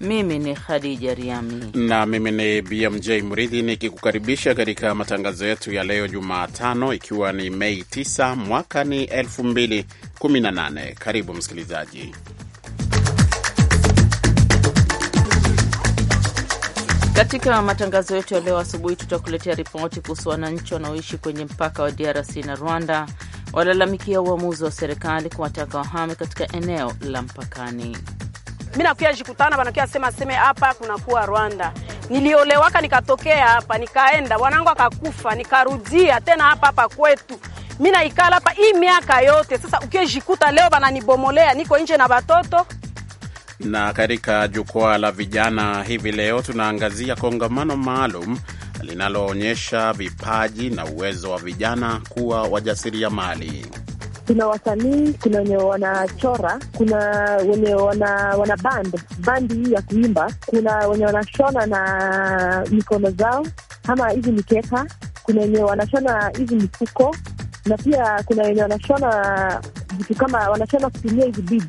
mimi ni Khadija Riami na mimi ni BMJ Mridhi nikikukaribisha katika matangazo yetu ya leo Jumatano, ikiwa ni Mei 9 mwaka ni 2018. Karibu msikilizaji Katika matangazo yetu ya leo asubuhi tutakuletea ripoti kuhusu wananchi wanaoishi kwenye mpaka wa DRC na Rwanda walalamikia uamuzi wa serikali kuwataka wahame katika eneo la mpakani mi nakuya jikutana banakuya sema seme hapa kunakuwa Rwanda. Niliolewaka nikatokea hapa nikaenda, wanangu akakufa, nikarudia tena hapa hapa kwetu. mi naikala hapa hii miaka yote sasa, jikuta leo bananibomolea, niko nje na batoto na katika jukwaa la vijana hivi leo tunaangazia kongamano maalum linaloonyesha vipaji na uwezo wa vijana kuwa wajasiriamali kuna wasanii, kuna wenye wanachora, kuna wenye wana, wana band bandi hii ya kuimba, kuna wenye wanashona na mikono zao kama hizi mikeka, kuna wenye wanashona hizi mifuko, na pia kuna wenye wanashona vitu kama wanashona kutumia hizi bidi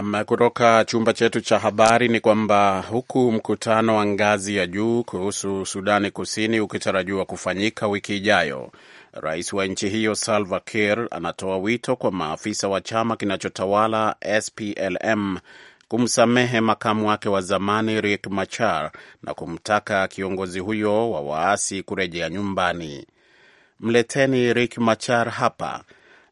Nam, kutoka chumba chetu cha habari ni kwamba huku mkutano wa ngazi ya juu kuhusu Sudani Kusini ukitarajiwa kufanyika wiki ijayo, rais wa nchi hiyo Salva Kiir anatoa wito kwa maafisa wa chama kinachotawala SPLM kumsamehe makamu wake wa zamani Riek Machar na kumtaka kiongozi huyo wa waasi kurejea nyumbani. Mleteni Riek Machar hapa,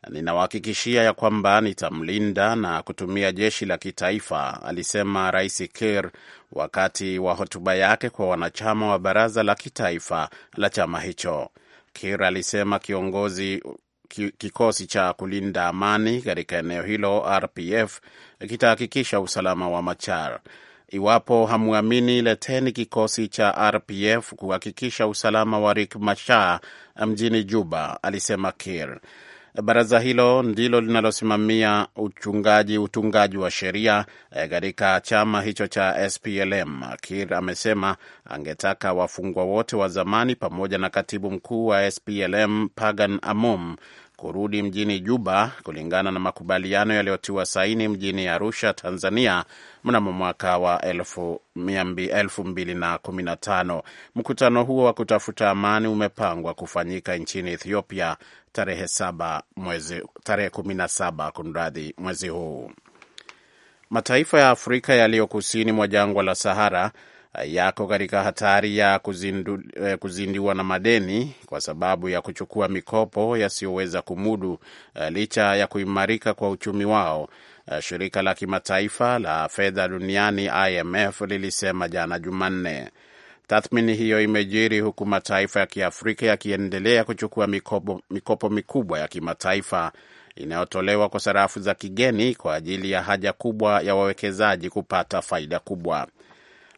Ninawahakikishia ya kwamba nitamlinda na kutumia jeshi la kitaifa, alisema Rais kir wakati wa hotuba yake kwa wanachama wa baraza la kitaifa la chama hicho. kir alisema kiongozi kikosi cha kulinda amani katika eneo hilo RPF kitahakikisha usalama wa Machar. Iwapo hamwamini, leteni kikosi cha RPF kuhakikisha usalama wa rik masha mjini Juba, alisema kir Baraza hilo ndilo linalosimamia uchungaji utungaji wa sheria eh, katika chama hicho cha SPLM. Kir amesema angetaka wafungwa wote wa zamani pamoja na katibu mkuu wa SPLM Pagan Amom kurudi mjini Juba kulingana na makubaliano yaliyotiwa saini mjini Arusha, Tanzania mnamo mwaka wa 2015. Mkutano huo wa kutafuta amani umepangwa kufanyika nchini Ethiopia tarehe 7 mwezi, tarehe 17 kunradhi, mwezi huu. Mataifa ya Afrika yaliyo kusini mwa jangwa la Sahara yako katika hatari ya kuzindu, eh, kuzindiwa na madeni kwa sababu ya kuchukua mikopo yasiyoweza kumudu eh, licha ya kuimarika kwa uchumi wao. Eh, shirika la kimataifa la fedha duniani IMF lilisema jana Jumanne. Tathmini hiyo imejiri huku mataifa ya Kiafrika yakiendelea kuchukua mikopo, mikopo mikubwa ya kimataifa inayotolewa kwa sarafu za kigeni kwa ajili ya haja kubwa ya wawekezaji kupata faida kubwa.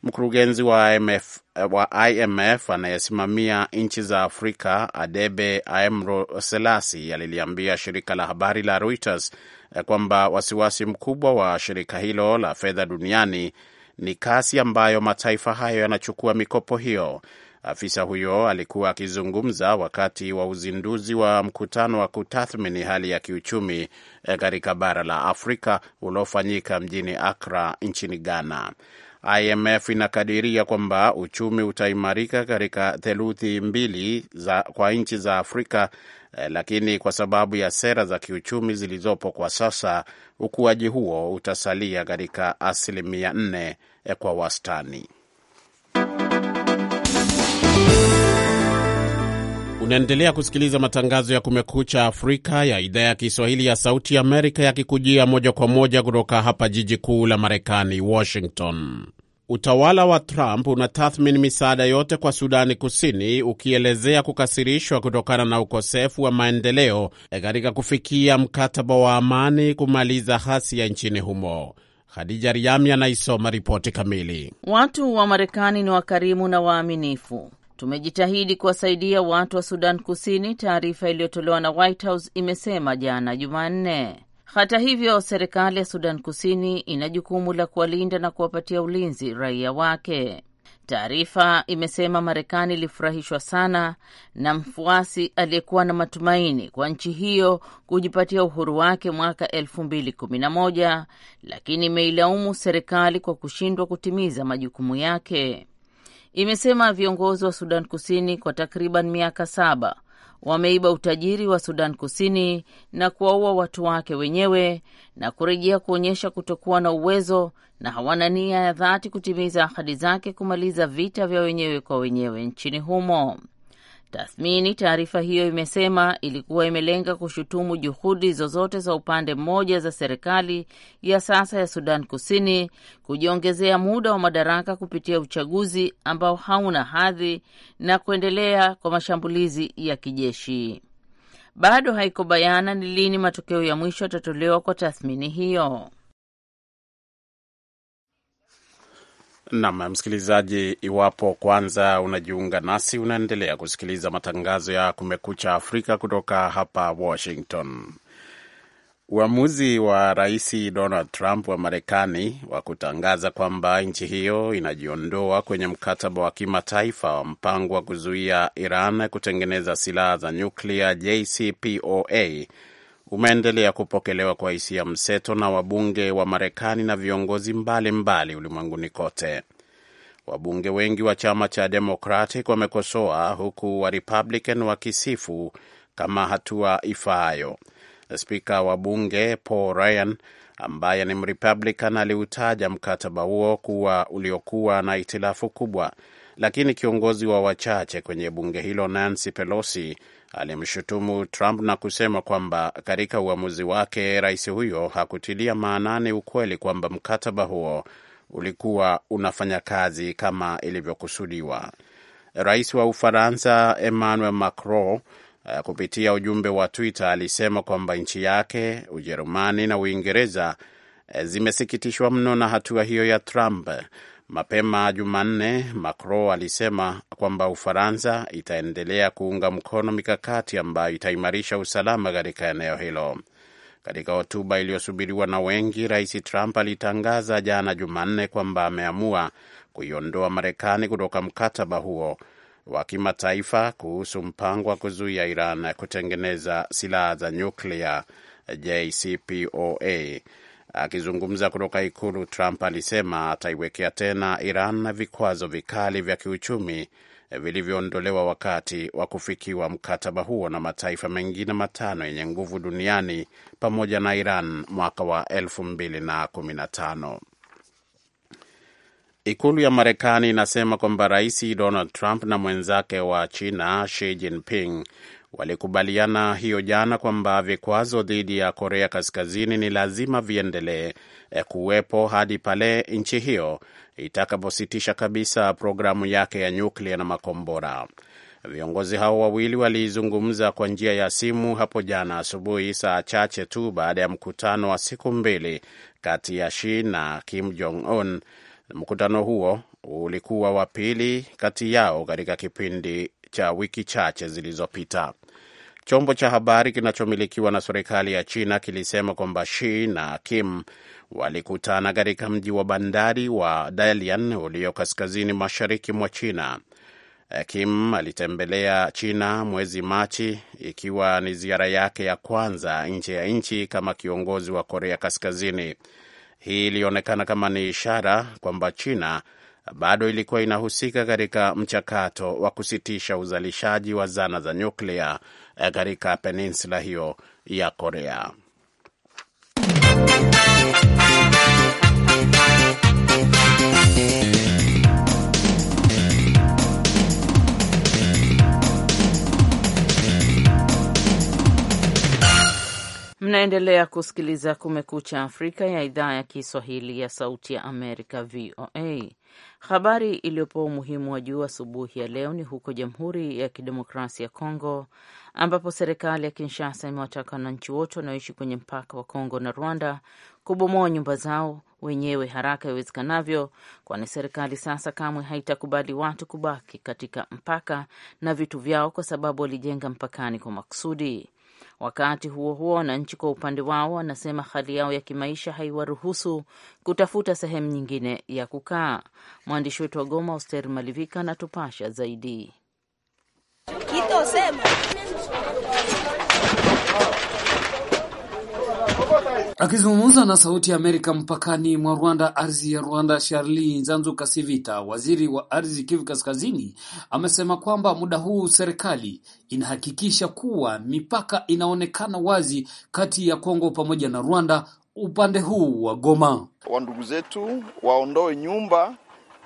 Mkurugenzi wa IMF, eh, wa IMF anayesimamia nchi za Afrika Adebe Aemro Selasi aliliambia shirika la habari la Reuters eh, kwamba wasiwasi mkubwa wa shirika hilo la fedha duniani ni kasi ambayo mataifa hayo yanachukua mikopo hiyo. Afisa huyo alikuwa akizungumza wakati wa uzinduzi wa mkutano wa kutathmini hali ya kiuchumi eh, katika bara la Afrika uliofanyika mjini Akra nchini Ghana. IMF inakadiria kwamba uchumi utaimarika katika theluthi mbili za, kwa nchi za Afrika eh, lakini kwa sababu ya sera za kiuchumi zilizopo kwa sasa ukuaji huo utasalia katika asilimia nne eh, kwa wastani Unaendelea kusikiliza matangazo ya Kumekucha Afrika ya idhaa ya Kiswahili ya Sauti Amerika yakikujia moja kwa moja kutoka hapa jiji kuu la Marekani, Washington. Utawala wa Trump unatathmini misaada yote kwa Sudani Kusini, ukielezea kukasirishwa kutokana na ukosefu wa maendeleo katika kufikia mkataba wa amani kumaliza ghasia nchini humo. Khadija Riami anaisoma ripoti kamili. Watu wa Marekani ni wakarimu na waaminifu tumejitahidi kuwasaidia watu wa Sudan Kusini, taarifa iliyotolewa na White House imesema jana Jumanne. Hata hivyo, serikali ya Sudan Kusini ina jukumu la kuwalinda na kuwapatia ulinzi raia wake. Taarifa imesema Marekani ilifurahishwa sana na mfuasi aliyekuwa na matumaini kwa nchi hiyo kujipatia uhuru wake mwaka 211 lakini imeilaumu serikali kwa kushindwa kutimiza majukumu yake imesema viongozi wa Sudan Kusini kwa takriban miaka saba wameiba utajiri wa Sudan Kusini na kuwaua watu wake wenyewe na kurejea kuonyesha kutokuwa na uwezo na hawana nia ya dhati kutimiza ahadi zake kumaliza vita vya wenyewe kwa wenyewe nchini humo. Tathmini taarifa hiyo imesema ilikuwa imelenga kushutumu juhudi zozote za upande mmoja za serikali ya sasa ya Sudan Kusini kujiongezea muda wa madaraka kupitia uchaguzi ambao hauna hadhi na kuendelea kwa mashambulizi ya kijeshi. Bado haiko bayana ni lini matokeo ya mwisho yatatolewa kwa tathmini hiyo. Nam msikilizaji, iwapo kwanza unajiunga nasi, unaendelea kusikiliza matangazo ya Kumekucha Afrika kutoka hapa Washington. Uamuzi wa Rais Donald Trump wa Marekani wa kutangaza kwamba nchi hiyo inajiondoa kwenye mkataba wa kimataifa wa mpango wa kuzuia Iran kutengeneza silaha za nyuklia JCPOA umeendelea kupokelewa kwa hisia mseto na wabunge wa Marekani na viongozi mbalimbali ulimwenguni kote. Wabunge wengi wa chama cha Democratic wamekosoa huku wa Republican wakisifu kama hatua ifaayo. Spika wa bunge Paul Ryan ambaye ni Mrepublican aliutaja mkataba huo kuwa uliokuwa na itilafu kubwa lakini kiongozi wa wachache kwenye bunge hilo Nancy Pelosi alimshutumu Trump na kusema kwamba katika uamuzi wake rais huyo hakutilia maanani ukweli kwamba mkataba huo ulikuwa unafanya kazi kama ilivyokusudiwa. Rais wa Ufaransa Emmanuel Macron eh, kupitia ujumbe wa Twitter alisema kwamba nchi yake, Ujerumani na Uingereza eh, zimesikitishwa mno na hatua hiyo ya Trump Mapema Jumanne, Macron alisema kwamba Ufaransa itaendelea kuunga mkono mikakati ambayo itaimarisha usalama katika eneo hilo. Katika hotuba iliyosubiriwa na wengi, Rais Trump alitangaza jana Jumanne kwamba ameamua kuiondoa Marekani kutoka mkataba huo wa kimataifa kuhusu mpango wa kuzuia Iran kutengeneza silaha za nyuklia JCPOA. Akizungumza kutoka Ikulu, Trump alisema ataiwekea tena Iran na vikwazo vikali vya kiuchumi vilivyoondolewa wakati wa kufikiwa mkataba huo na mataifa mengine matano yenye nguvu duniani pamoja na Iran mwaka wa 2015. Ikulu ya Marekani inasema kwamba Rais Donald Trump na mwenzake wa China Xi Jinping walikubaliana hiyo jana kwamba vikwazo dhidi ya Korea Kaskazini ni lazima viendelee eh, kuwepo hadi pale nchi hiyo itakapositisha kabisa programu yake ya nyuklia na makombora. Viongozi hao wawili walizungumza kwa njia ya simu hapo jana asubuhi, saa chache tu baada ya mkutano wa siku mbili kati ya Shi na Kim Jong Un. Mkutano huo ulikuwa wa pili kati yao katika kipindi cha wiki chache zilizopita. Chombo cha habari kinachomilikiwa na serikali ya China kilisema kwamba Shi na Kim walikutana katika mji wa bandari wa Dalian ulio kaskazini mashariki mwa China. Eh, Kim alitembelea China mwezi Machi, ikiwa ni ziara yake ya kwanza nje ya nchi kama kiongozi wa Korea Kaskazini. Hii ilionekana kama ni ishara kwamba China bado ilikuwa inahusika katika mchakato wa kusitisha uzalishaji wa zana za nyuklia Eh, katika peninsula hiyo ya Korea. Mnaendelea kusikiliza Kumekucha Afrika ya idhaa ya Kiswahili ya Sauti ya Amerika, VOA. Habari iliyopewa umuhimu wa juu asubuhi ya leo ni huko Jamhuri ya Kidemokrasia ya Kongo, ambapo serikali ya Kinshasa imewataka wananchi wote wanaoishi kwenye mpaka wa Kongo na Rwanda kubomoa nyumba zao wenyewe haraka iwezekanavyo, kwani serikali sasa kamwe haitakubali watu kubaki katika mpaka na vitu vyao, kwa sababu walijenga mpakani kwa makusudi. Wakati huo huo, wananchi kwa upande wao wanasema hali yao ya kimaisha haiwaruhusu kutafuta sehemu nyingine ya kukaa. Mwandishi wetu wa Goma, Oster Malivika, anatupasha zaidi Kito, Akizungumza na Sauti ya Amerika mpakani mwa Rwanda, ardhi ya Rwanda, sharli Nzanzu Kasivita, waziri wa ardhi Kivu Kaskazini, amesema kwamba muda huu serikali inahakikisha kuwa mipaka inaonekana wazi kati ya Kongo pamoja na Rwanda upande huu wa Goma. Wandugu zetu waondoe nyumba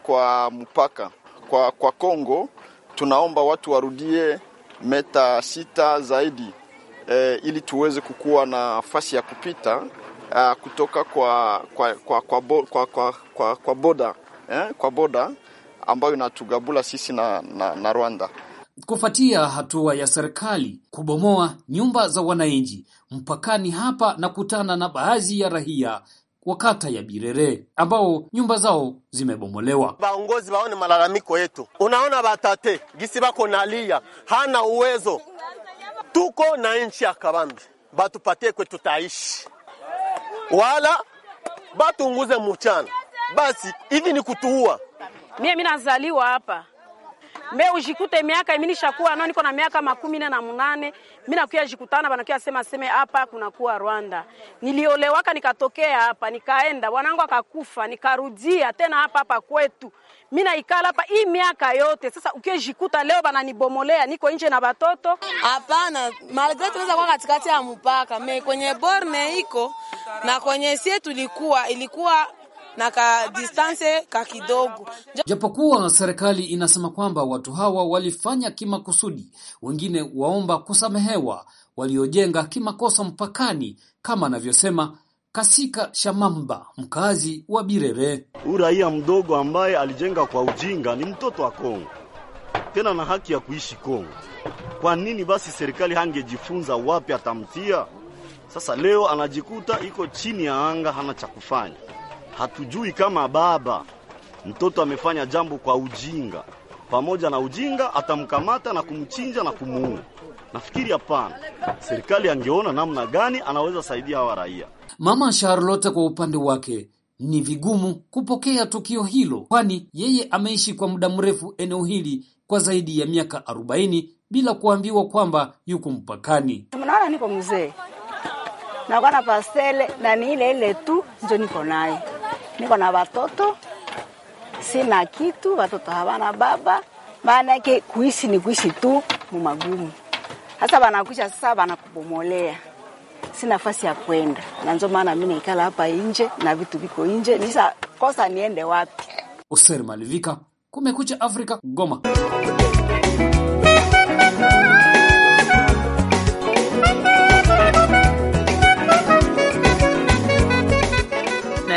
kwa mpaka kwa, kwa Kongo. Tunaomba watu warudie meta sita zaidi e, ili tuweze kukuwa na nafasi ya kupita a, eh, kutoka kwa kwa kwa, kwa, kwa, kwa, kwa, kwa boda eh, kwa boda ambayo inatugabula sisi na, na, na Rwanda kufuatia hatua ya serikali kubomoa nyumba za wananchi mpakani hapa, na kutana na baadhi ya rahia wa kata ya Birere ambao nyumba zao zimebomolewa. Baongozi waone malalamiko yetu, unaona batate gisi bako nalia hana uwezo tuko na nchi ya kabambi, batupatie kwetu tutaishi, wala batunguze muchana. Basi hivi ni kutuua. mie mimi nazaliwa hapa me ujikute miaka mimi nishakuwa no niko na miaka makumi na na munane mimi nakuya jikutana banakuya sema sema hapa kuna kuwa Rwanda. Niliolewaka nikatokea hapa nikaenda wanangu akakufa nikarudia tena hapa hapa kwetu. Mimi naikala hapa hii miaka yote. Sasa ukijikuta leo nibomolea niko nje na batoto. Hapana, malgré tunaweza kuwa katikati ya mpaka, me kwenye borne iko na kwenye sie tulikuwa ilikuwa na ka distance ka kidogo. Japokuwa serikali inasema kwamba watu hawa walifanya kimakusudi, wengine waomba kusamehewa waliojenga kimakosa mpakani, kama anavyosema Kasika Shamamba, mkazi wa Birere. huu raia mdogo ambaye alijenga kwa ujinga ni mtoto wa Kongo, tena na haki ya kuishi Kongo. Kwa nini basi serikali hangejifunza wapi atamtia? Sasa leo anajikuta iko chini ya anga, hana cha kufanya hatujui kama baba mtoto amefanya jambo kwa ujinga, pamoja na ujinga atamkamata na kumchinja na kumuua. Nafikiri hapana, serikali angeona namna gani anaweza saidia hawa raia. Mama Charlotte kwa upande wake ni vigumu kupokea tukio hilo, kwani yeye ameishi kwa muda mrefu eneo hili kwa zaidi ya miaka arobaini bila kuambiwa kwamba yuko mpakani. Mnaona niko mzee, nakuwa na pastele na ni ile ile tu ndio niko naye niko na watoto, sina kitu, watoto hawana baba. Maana yake kuishi ni kuishi tu mumagumu. hasa wanakuja sasa wanakubomolea, sina nafasi ya kwenda, na ndio maana mimi nikala hapa nje na vitu viko nje, nisa kosa niende wapi? Oser Malivika, Kumekucha Afrika, Goma.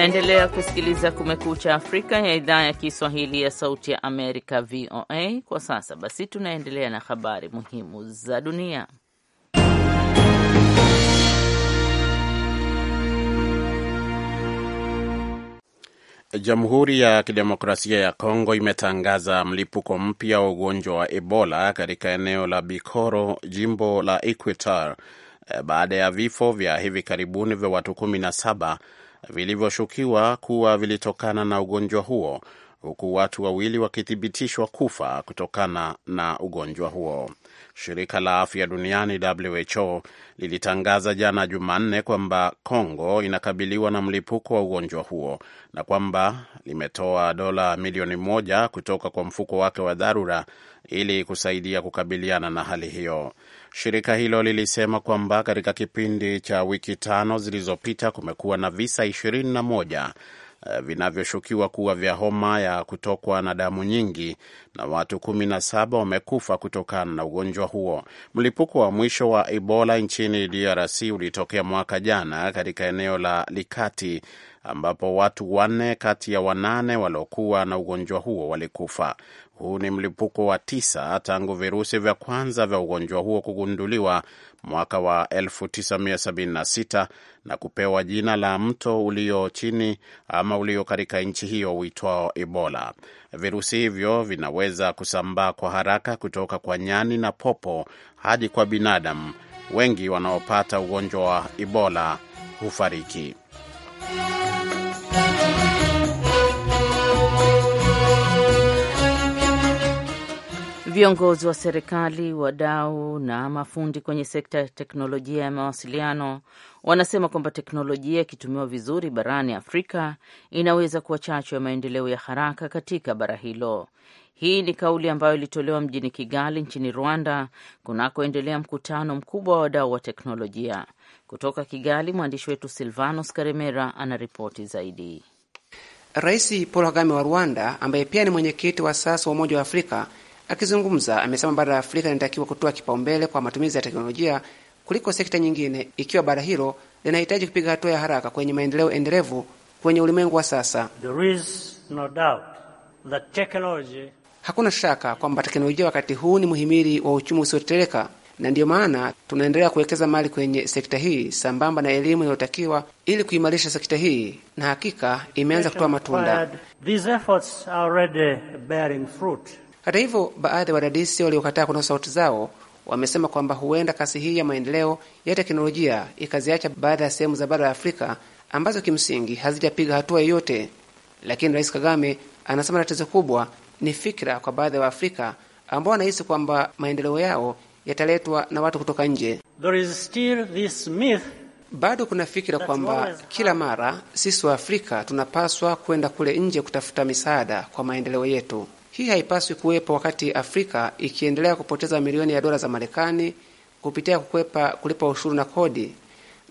Unaendelea kusikiliza Kumekucha Afrika ya idhaa ya Kiswahili ya Sauti ya Amerika, VOA. Kwa sasa basi, tunaendelea na habari muhimu za dunia. Jamhuri ya Kidemokrasia ya Kongo imetangaza mlipuko mpya wa ugonjwa wa Ebola katika eneo la Bikoro, jimbo la equator eh, baada ya vifo vya hivi karibuni vya watu 17 vilivyoshukiwa kuwa vilitokana na ugonjwa huo huku watu wawili wakithibitishwa kufa kutokana na ugonjwa huo. Shirika la afya duniani WHO lilitangaza jana Jumanne kwamba congo inakabiliwa na mlipuko wa ugonjwa huo na kwamba limetoa dola milioni moja kutoka kwa mfuko wake wa dharura ili kusaidia kukabiliana na hali hiyo. Shirika hilo lilisema kwamba katika kipindi cha wiki tano zilizopita kumekuwa na visa ishirini na moja eh, vinavyoshukiwa kuwa vya homa ya kutokwa na damu nyingi na watu saba wamekufa kutokana na ugonjwa huo. Mlipuko wa mwisho wa Ebola nchini DRC ulitokea mwaka jana katika eneo la Likati ambapo watu wanne kati ya wanane waliokuwa na ugonjwa huo walikufa. Huu ni mlipuko wa tisa tangu virusi vya kwanza vya ugonjwa huo kugunduliwa mwaka wa 1976 na kupewa jina la mto ulio chini ama ulio katika nchi hiyo uitwao Ebola. Virusi hivyo vinaweza kusambaa kwa haraka kutoka kwa nyani na popo hadi kwa binadamu. Wengi wanaopata ugonjwa wa Ebola hufariki. Viongozi wa serikali, wadau na mafundi kwenye sekta ya teknolojia ya mawasiliano wanasema kwamba teknolojia ikitumiwa vizuri barani Afrika inaweza kuwa chachu ya maendeleo ya haraka katika bara hilo. Hii ni kauli ambayo ilitolewa mjini Kigali nchini Rwanda, kunakoendelea mkutano mkubwa wa wadau wa teknolojia. Kutoka Kigali, mwandishi wetu Silvanos Karemera anaripoti zaidi. Rais Paul Kagame wa Rwanda, ambaye pia ni mwenyekiti wa sasa wa Umoja wa Afrika Akizungumza amesema bara la Afrika linatakiwa kutoa kipaumbele kwa matumizi ya teknolojia kuliko sekta nyingine, ikiwa bara hilo linahitaji kupiga hatua ya haraka kwenye maendeleo endelevu kwenye ulimwengu wa sasa. There is no doubt that technology... hakuna shaka kwamba teknolojia wakati huu ni muhimili wa uchumi usiotetereka na ndiyo maana tunaendelea kuwekeza mali kwenye sekta hii sambamba na elimu inayotakiwa ili kuimarisha sekta hii, na hakika imeanza kutoa matunda. These efforts are already bearing fruit. Hata hivyo, baadhi ya wadadisi waliokataa kunasa sauti zao wamesema kwamba huenda kasi hii ya maendeleo ya teknolojia ikaziacha baadhi ya sehemu za bara la Afrika ambazo kimsingi hazijapiga hatua yoyote. Lakini Rais Kagame anasema tatizo kubwa ni fikira kwa baadhi ya Waafrika ambao wanahisi kwamba maendeleo yao yataletwa na watu kutoka nje. Bado kuna fikira kwamba kila mara sisi Waafrika tunapaswa kwenda kule nje kutafuta misaada kwa maendeleo yetu. Hii haipaswi kuwepo wakati Afrika ikiendelea kupoteza milioni ya dola za Marekani kupitia kukwepa kulipa ushuru na kodi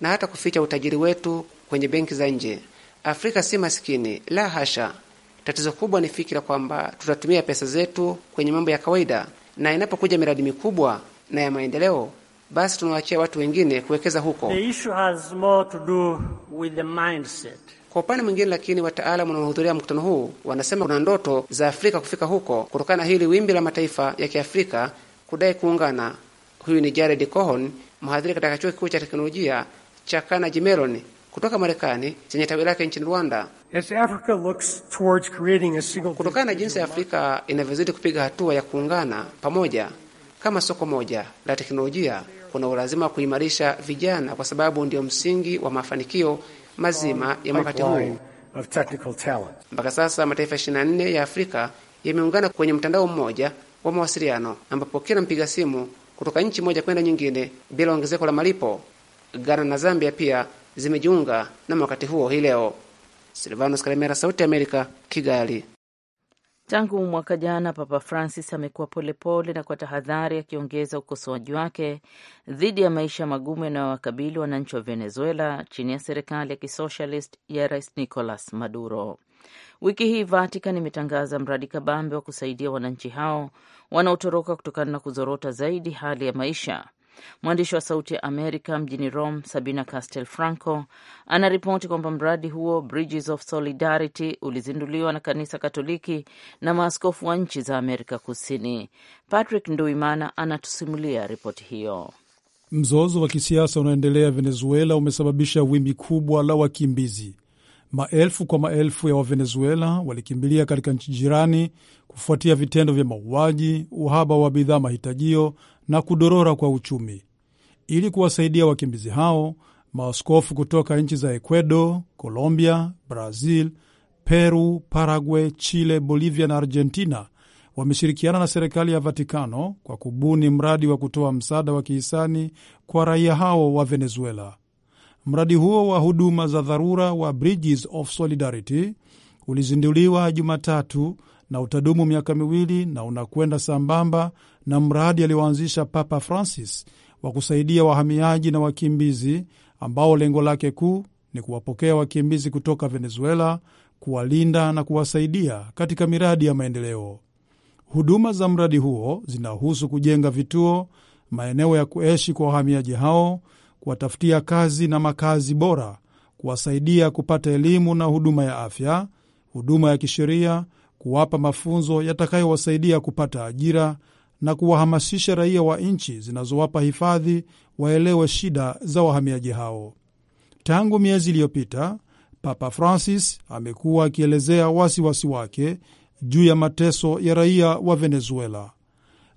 na hata kuficha utajiri wetu kwenye benki za nje. Afrika si masikini, la hasha. Tatizo kubwa ni fikira kwamba tutatumia pesa zetu kwenye mambo ya kawaida, na inapokuja miradi mikubwa na ya maendeleo, basi tunawaachia watu wengine kuwekeza huko. The issue has more to do with the mindset. Kwa upande mwingine, lakini wataalam wanaohudhuria mkutano huu wanasema kuna ndoto za Afrika kufika huko kutokana na hili wimbi la mataifa ya kiafrika kudai kuungana. Huyu ni Jared Cohon, mhadhiri katika chuo kikuu cha teknolojia cha Carnegie Mellon kutoka Marekani chenye tawi lake nchini Rwanda. Kutokana na jinsi ya Afrika inavyozidi kupiga hatua ya kuungana pamoja kama soko moja la teknolojia, kuna ulazima wa kuimarisha vijana, kwa sababu ndio msingi wa mafanikio mazima ya wakati huu. Mpaka sasa mataifa 24 ya Afrika yameungana kwenye mtandao mmoja wa mawasiliano ambapo kila mpiga simu kutoka nchi moja kwenda nyingine bila ongezeko la malipo. Ghana na Zambia pia zimejiunga na wakati huo hii leo. Silvanos Kalemera, Sauti ya Amerika, Kigali. Tangu mwaka jana, Papa Francis amekuwa polepole na kwa tahadhari, akiongeza ukosoaji wake dhidi ya maisha magumu yanayowakabili wananchi wa Venezuela chini ya serikali ya kisocialist ya Rais Nicolas Maduro. Wiki hii Vatican imetangaza mradi kabambe wa kusaidia wananchi hao wanaotoroka kutokana na kuzorota zaidi hali ya maisha Mwandishi wa Sauti ya Amerika mjini Rome, Sabina Castel Franco, anaripoti kwamba mradi huo Bridges of Solidarity ulizinduliwa na Kanisa Katoliki na maaskofu wa nchi za Amerika Kusini. Patrick Nduimana anatusimulia ripoti hiyo. Mzozo wa kisiasa unaoendelea Venezuela umesababisha wimbi kubwa la wakimbizi. Maelfu kwa maelfu ya Wavenezuela walikimbilia katika nchi jirani kufuatia vitendo vya mauaji, uhaba wa bidhaa mahitajio na kudorora kwa uchumi. Ili kuwasaidia wakimbizi hao, maaskofu kutoka nchi za Ecuador, Colombia, Brazil, Peru, Paraguay, Chile, Bolivia na Argentina wameshirikiana na serikali ya Vatikano kwa kubuni mradi wa kutoa msaada wa kihisani kwa raia hao wa Venezuela. Mradi huo wa huduma za dharura wa Bridges of Solidarity ulizinduliwa Jumatatu na utadumu miaka miwili na unakwenda sambamba na mradi alioanzisha Papa Francis wa kusaidia wahamiaji na wakimbizi ambao lengo lake kuu ni kuwapokea wakimbizi kutoka Venezuela, kuwalinda na kuwasaidia katika miradi ya maendeleo. Huduma za mradi huo zinahusu kujenga vituo, maeneo ya kuishi kwa wahamiaji hao, kuwatafutia kazi na makazi bora, kuwasaidia kupata elimu na huduma ya afya, huduma ya kisheria kuwapa mafunzo yatakayowasaidia kupata ajira na kuwahamasisha raia wa nchi zinazowapa hifadhi waelewe shida za wahamiaji hao. Tangu miezi iliyopita, Papa Francis amekuwa akielezea wasiwasi wake juu ya mateso ya raia wa Venezuela.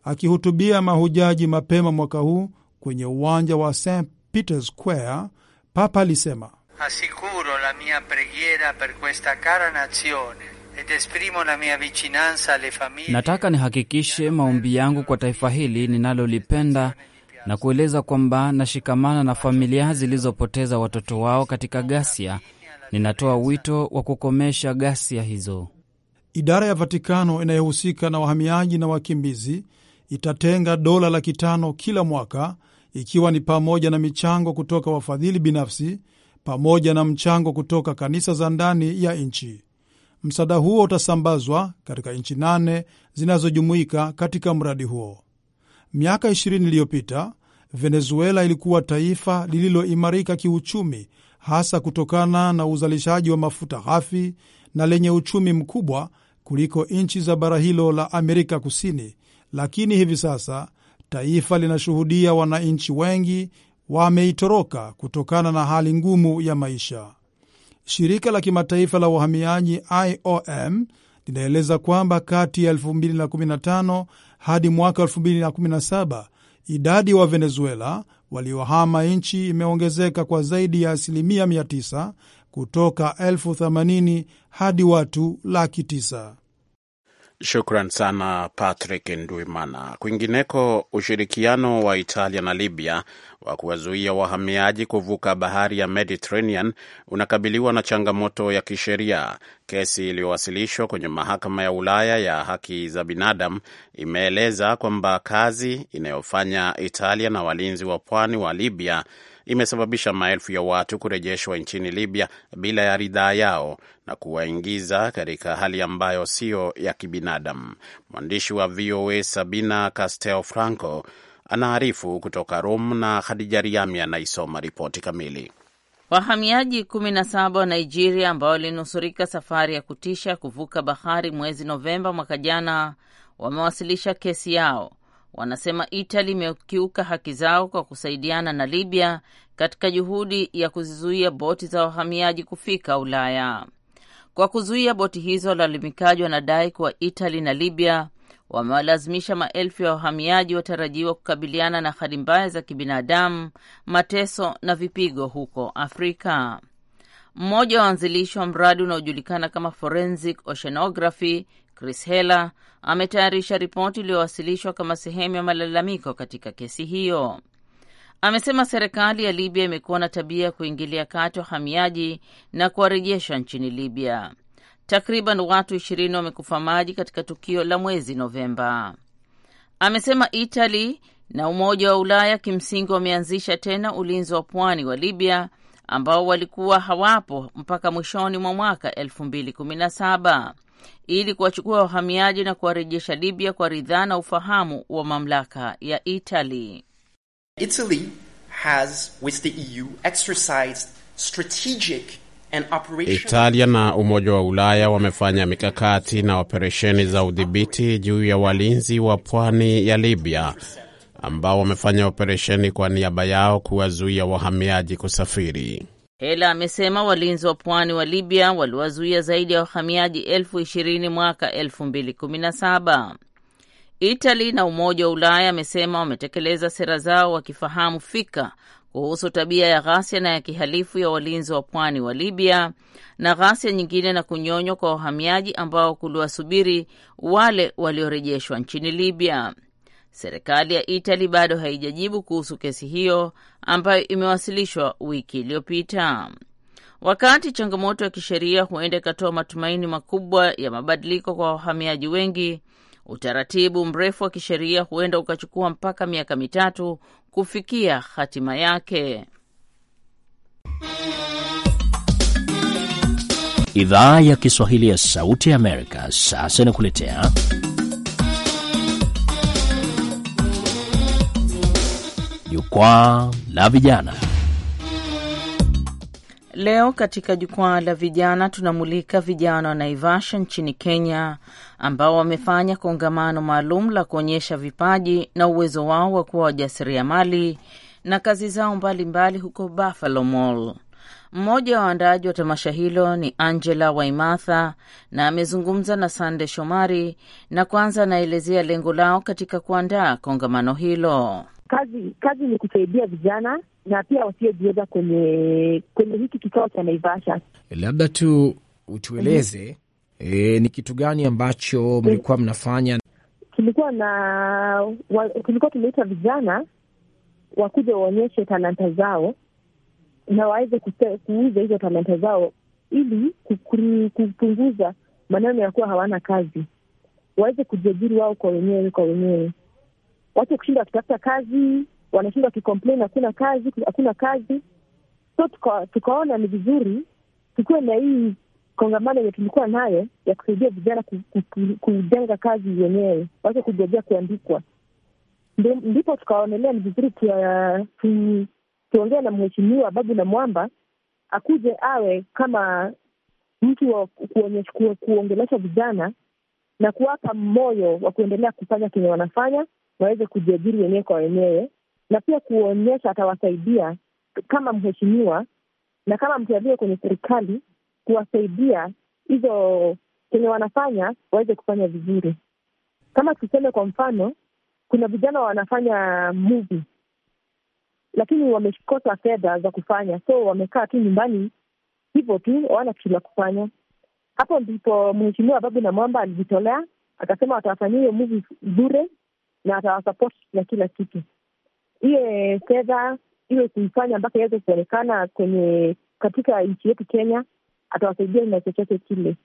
Akihutubia mahujaji mapema mwaka huu kwenye uwanja wa St Peter Square, Papa alisema, asikuro la mia pregiera per questa cara nazione Nataka nihakikishe maombi yangu kwa taifa hili ninalolipenda na kueleza kwamba nashikamana na familia zilizopoteza watoto wao katika ghasia. Ninatoa wito wa kukomesha ghasia hizo. Idara ya Vatikano inayohusika na wahamiaji na wakimbizi itatenga dola laki tano kila mwaka, ikiwa ni pamoja na michango kutoka wafadhili binafsi pamoja na mchango kutoka kanisa za ndani ya nchi. Msaada huo utasambazwa katika nchi nane zinazojumuika katika mradi huo. Miaka 20 iliyopita, Venezuela ilikuwa taifa lililoimarika kiuchumi, hasa kutokana na uzalishaji wa mafuta ghafi na lenye uchumi mkubwa kuliko nchi za bara hilo la Amerika Kusini, lakini hivi sasa taifa linashuhudia wananchi wengi wameitoroka kutokana na hali ngumu ya maisha. Shirika la kimataifa la uhamiaji IOM linaeleza kwamba kati ya 2015 hadi mwaka 2017 idadi wa Venezuela waliohama nchi imeongezeka kwa zaidi ya asilimia 900 kutoka elfu 80 hadi watu laki 9. Shukran sana Patrick Nduimana. Kwingineko, ushirikiano wa Italia na Libya wa kuwazuia wahamiaji kuvuka bahari ya Mediterranean unakabiliwa na changamoto ya kisheria. Kesi iliyowasilishwa kwenye mahakama ya Ulaya ya haki za binadamu imeeleza kwamba kazi inayofanya Italia na walinzi wa pwani wa Libya imesababisha maelfu ya watu kurejeshwa nchini Libya bila ya ridhaa yao na kuwaingiza katika hali ambayo siyo ya kibinadamu. Mwandishi wa VOA Sabina Castel Franco anaarifu kutoka Rome na Khadija Riami anaisoma ripoti kamili. Wahamiaji 17 wa Nigeria ambao walinusurika safari ya kutisha kuvuka bahari mwezi Novemba mwaka jana wamewasilisha kesi yao wanasema Itali imekiuka haki zao kwa kusaidiana na Libya katika juhudi ya kuzizuia boti za wahamiaji kufika Ulaya. Kwa kuzuia boti hizo, walalamikaji wanadai kuwa Itali na Libya wamewalazimisha maelfu ya wahamiaji watarajiwa kukabiliana na hali mbaya za kibinadamu, mateso na vipigo huko Afrika. Mmoja wa waanzilishi wa mradi unaojulikana kama Forensic Oceanography Chris Heller ametayarisha ripoti iliyowasilishwa kama sehemu ya malalamiko katika kesi hiyo. Amesema serikali ya Libya imekuwa na tabia ya kuingilia kati wahamiaji na kuwarejesha nchini Libya. Takriban watu ishirini wamekufa maji katika tukio la mwezi Novemba. Amesema Itali na Umoja wa Ulaya kimsingi wameanzisha tena ulinzi wa pwani wa Libya ambao walikuwa hawapo mpaka mwishoni mwa mwaka 2017 ili kuwachukua wahamiaji na kuwarejesha Libya kwa ridhaa na ufahamu wa mamlaka ya Itali. Italy has with the EU exercised strategic Italia na Umoja wa Ulaya wamefanya mikakati na operesheni za udhibiti juu ya walinzi wa pwani ya Libya ambao wamefanya operesheni kwa niaba yao kuwazuia wahamiaji kusafiri. Hela amesema walinzi wa pwani wa Libya waliwazuia zaidi ya wahamiaji elfu ishirini mwaka elfu mbili kumi na saba. Itali na Umoja wa Ulaya amesema wametekeleza sera zao wakifahamu fika kuhusu tabia ya ghasia na ya kihalifu ya walinzi wa pwani wa Libya na ghasia nyingine na kunyonywa kwa wahamiaji ambao kuliwasubiri wale waliorejeshwa nchini Libya. Serikali ya Itali bado haijajibu kuhusu kesi hiyo ambayo imewasilishwa wiki iliyopita. Wakati changamoto ya kisheria huenda ikatoa matumaini makubwa ya mabadiliko kwa wahamiaji wengi, utaratibu mrefu wa kisheria huenda ukachukua mpaka miaka mitatu kufikia hatima yake. Idhaa ya Kiswahili ya Sauti ya Amerika sasa inakuletea Jukwaa la Vijana. Leo katika Jukwaa la Vijana tunamulika vijana wa Naivasha nchini Kenya ambao wamefanya kongamano maalum la kuonyesha vipaji na uwezo wao wa kuwa wajasiriamali na kazi zao mbalimbali huko Buffalo Mall. Mmoja wa waandaaji wa tamasha hilo ni Angela Waimatha na amezungumza na Sande Shomari, na kwanza anaelezea lengo lao katika kuandaa kongamano hilo. Kazi kazi ni kusaidia vijana na pia wasiojiweza kwenye kwenye hiki kikao cha Naivasha. Eh, labda tu utueleze mm -hmm. e, ni kitu gani ambacho eh, mlikuwa mnafanya? Tulikuwa na tulikuwa tumeita vijana wakuja waonyeshe talanta zao na waweze kuuza hizo talanta zao ili kupunguza maneno ya kuwa hawana kazi, waweze kujiajiri wao kwa wenyewe kwa wenyewe watu kushinda wakitafuta kazi, wanashinda wakikomplain hakuna kazi, hakuna kazi. So tuka, tukaona ni vizuri tukiwe na hii kongamano yenye tulikuwa nayo ya kusaidia vijana kujenga kazi wenyewe wache kujajia kuandikwa. Ndipo tukaonelea ni vizuri tu, uh, tuongee na mheshimiwa Babu na Mwamba akuje awe kama mtu wa kuongelesha vijana na kuwapa moyo wa kuendelea kufanya kenye wanafanya waweze kujiajiri wenyewe kwa wenyewe, na pia kuonyesha atawasaidia kama mheshimiwa na kama mtu aliye kwenye serikali kuwasaidia hizo kenye wanafanya waweze kufanya vizuri. Kama tuseme kwa mfano, kuna vijana wanafanya muvi lakini wamekosa fedha za kufanya, so wamekaa tu nyumbani hivyo tu, hawana kitu la kufanya. Hapo ndipo mheshimiwa Babu na Mwamba alijitolea akasema watawafanyia hiyo muvi bure na atawasapoti na kila kitu, iwe fedha, iwe kuifanya mpaka iweze kuonekana kwenye katika nchi yetu Kenya, atawasaidia na chochote kile.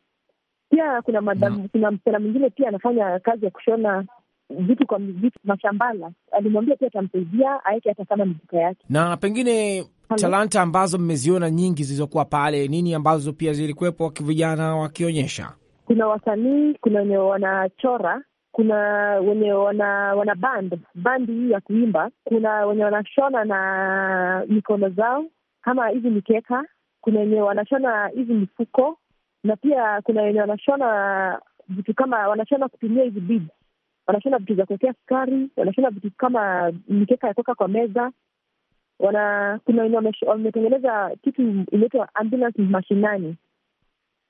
Pia kuna madam, no. kuna msichana mwingine pia anafanya kazi ya kushona vitu kwa vitu mashambala, alimwambia pia atamsaidia aweke hata kama mizuka yake na pengine talanta ambazo mmeziona nyingi zilizokuwa pale, nini ambazo pia zilikuwepo vijana wakionyesha? Kuna wasanii, kuna wenye wanachora kuna wenye wana wana band bandi hii ya kuimba, kuna wenye wanashona na mikono zao kama hizi mikeka, kuna wenye wanashona hizi mifuko, na pia kuna wenye wanashona vitu kama wanashona kutumia hizi beads, wanashona vitu za kuwekea sukari, wanashona vitu kama mikeka ya kuweka kwa meza wana kuna wenye wametengeneza kitu inaitwa ambulance mashinani,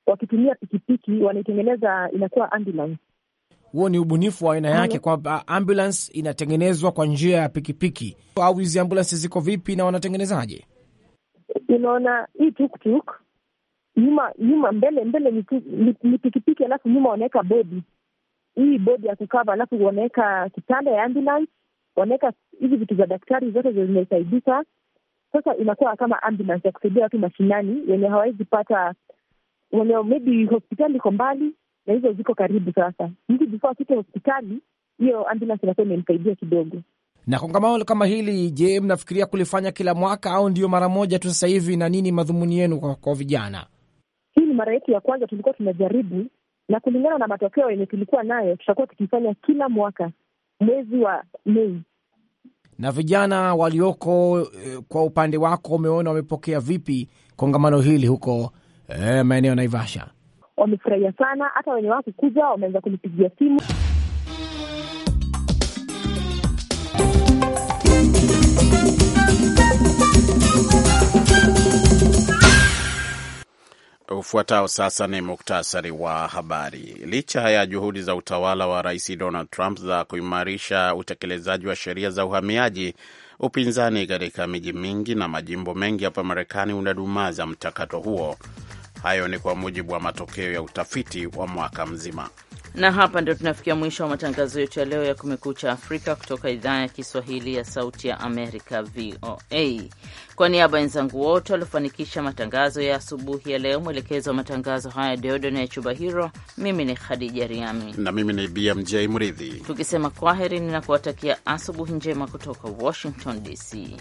wakitumia pikipiki wanaitengeneza inakuwa ambulance huo ni ubunifu wa aina yake, kwamba ambulance inatengenezwa kwa njia ya pikipiki. Au hizi ambulance ziko vipi na wanatengenezaje? Unaona, hii tuktuk nyuma nyuma, mbele mbele ni pikipiki, alafu nyuma wanaweka bodi, hii bodi ya kukava, alafu wanaweka kitanda ya ambulance, wanaweka hizi vitu za daktari zote zimesaidika. Sasa inakuwa kama ambulance ya kusaidia watu mashinani wenye hawawezi pata wenye, maybe hospitali iko mbali na hizo ziko karibu. Sasa mtu before afike hospitali, hiyo ambulance inakuwa imemsaidia kidogo. Na kongamano kama hili, je, mnafikiria kulifanya kila mwaka au ndio mara moja tu sasa hivi, na nini madhumuni yenu kwa, kwa vijana? Hii ni mara yetu ya kwanza, tulikuwa tunajaribu na kulingana na matokeo yenye tulikuwa nayo, tutakuwa tukifanya kila mwaka mwezi wa Mei. Na vijana walioko eh, kwa upande wako, umeona wamepokea vipi kongamano hili huko eh, maeneo ya Naivasha? wamefurahia sana, hata wenye wao kukuja wameanza kunipigia simu. Ufuatao sasa ni muktasari wa habari. Licha ya juhudi za utawala wa Rais Donald Trump za kuimarisha utekelezaji wa sheria za uhamiaji, upinzani katika miji mingi na majimbo mengi hapa Marekani unadumaza mchakato huo Hayo ni kwa mujibu wa matokeo ya utafiti wa mwaka mzima. Na hapa ndio tunafikia mwisho wa matangazo yetu ya leo ya Kumekucha Afrika kutoka idhaa ya Kiswahili ya Sauti ya Amerika, VOA. Kwa niaba ya wenzangu wote waliofanikisha matangazo ya asubuhi ya leo, mwelekezo wa matangazo haya Deodo na ya Chuba Hiro, mimi ni Khadija Riami na mimi ni BMJ Mridhi, tukisema kwaheri na kuwatakia asubuhi njema kutoka Washington DC.